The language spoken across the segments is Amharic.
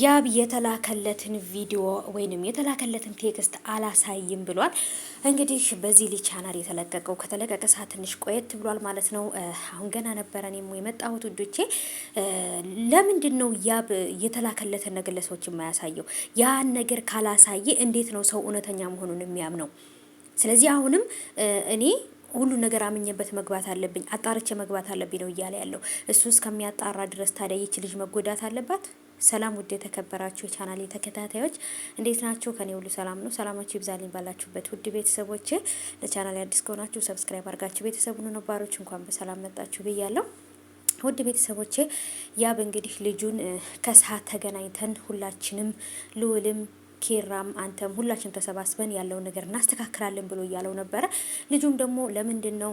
ያብ የተላከለትን ቪዲዮ ወይንም የተላከለትን ቴክስት አላሳይም ብሏል። እንግዲህ በዚህ ልጅ ቻናል የተለቀቀው ከተለቀቀ ሰዓት ትንሽ ቆየት ብሏል ማለት ነው። አሁን ገና ነበረ እኔም የመጣሁት ውዶቼ። ለምንድን ነው ያብ የተላከለትን ነገር ለሰዎች የማያሳየው? ያን ነገር ካላሳየ እንዴት ነው ሰው እውነተኛ መሆኑን የሚያምነው? ስለዚህ አሁንም እኔ ሁሉ ነገር አምኜበት መግባት አለብኝ፣ አጣርቼ መግባት አለብኝ ነው እያለ ያለው እሱ እስከሚያጣራ ድረስ። ታዲያ ይች ልጅ መጎዳት አለባት። ሰላም ውድ የተከበራችሁ የቻናል ተከታታዮች እንዴት ናቸው ከኔ ሁሉ ሰላም ነው። ሰላማችሁ ይብዛልኝ ባላችሁበት ውድ ቤተሰቦች። ለቻናል አዲስ ከሆናችሁ ሰብስክራይብ አድርጋችሁ ቤተሰቡ ነባሮች እንኳን በሰላም መጣችሁ ብያለሁ። ውድ ቤተሰቦቼ ያብ እንግዲህ ልጁን ከሰዓት ተገናኝተን ሁላችንም ልውልም ኬራም አንተም ሁላችንም ተሰባስበን ያለውን ነገር እናስተካክላለን ብሎ እያለው ነበረ። ልጁም ደግሞ ለምንድን ነው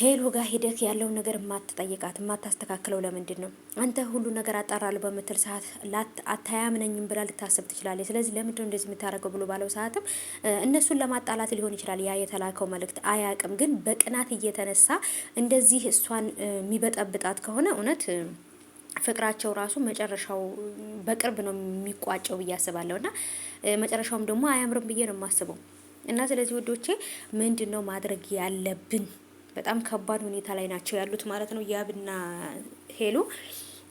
ሄሎ ጋር ሂደህ ያለውን ነገር ማትጠይቃት ማታስተካክለው ለምንድን ነው? አንተ ሁሉ ነገር አጠራሉ በምትል ሰዓት አታያምነኝም ብላ ልታስብ ትችላለች። ስለዚህ ለምንድነው እንደዚህ የምታደርገው ብሎ ባለው ሰዓትም እነሱን ለማጣላት ሊሆን ይችላል ያ የተላከው መልእክት አያቅም። ግን በቅናት እየተነሳ እንደዚህ እሷን የሚበጠብጣት ከሆነ እውነት ፍቅራቸው ራሱ መጨረሻው በቅርብ ነው የሚቋጨው ብዬ አስባለሁ እና መጨረሻውም ደግሞ አያምርም ብዬ ነው የማስበው እና ስለዚህ ውዶቼ ምንድን ነው ማድረግ ያለብን? በጣም ከባድ ሁኔታ ላይ ናቸው ያሉት ማለት ነው ያብና ሄሉ።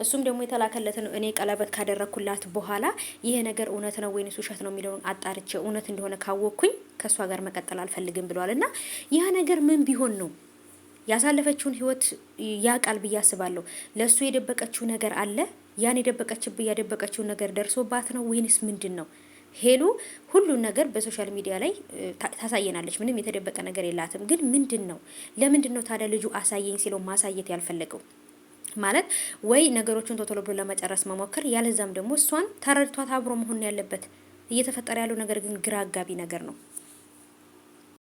እሱም ደግሞ ነው እኔ ቀለበት ካደረግኩላት በኋላ ይሄ ነገር እውነት ነው ወይንስ ውሸት ነው የሚለውን አጣርቼ እውነት እንደሆነ ካወቅኩኝ ከእሷ ጋር መቀጠል አልፈልግም ብለዋል እና ያ ነገር ምን ቢሆን ነው ያሳለፈችውን ህይወት ያውቃል ብዬ አስባለሁ። ለእሱ የደበቀችው ነገር አለ። ያን የደበቀችብህ ያደበቀችው ነገር ደርሶባት ነው ወይንስ ምንድን ነው? ሄሉ ሁሉን ነገር በሶሻል ሚዲያ ላይ ታሳየናለች። ምንም የተደበቀ ነገር የላትም። ግን ምንድን ነው ለምንድን ነው ታዲያ ልጁ አሳየኝ ሲለው ማሳየት ያልፈለገው? ማለት ወይ ነገሮችን ቶሎ ብሎ ለመጨረስ መሞከር፣ ያለዛም ደግሞ እሷን ተረድቷት አብሮ መሆን ያለበት። እየተፈጠረ ያለው ነገር ግን ግራ አጋቢ ነገር ነው።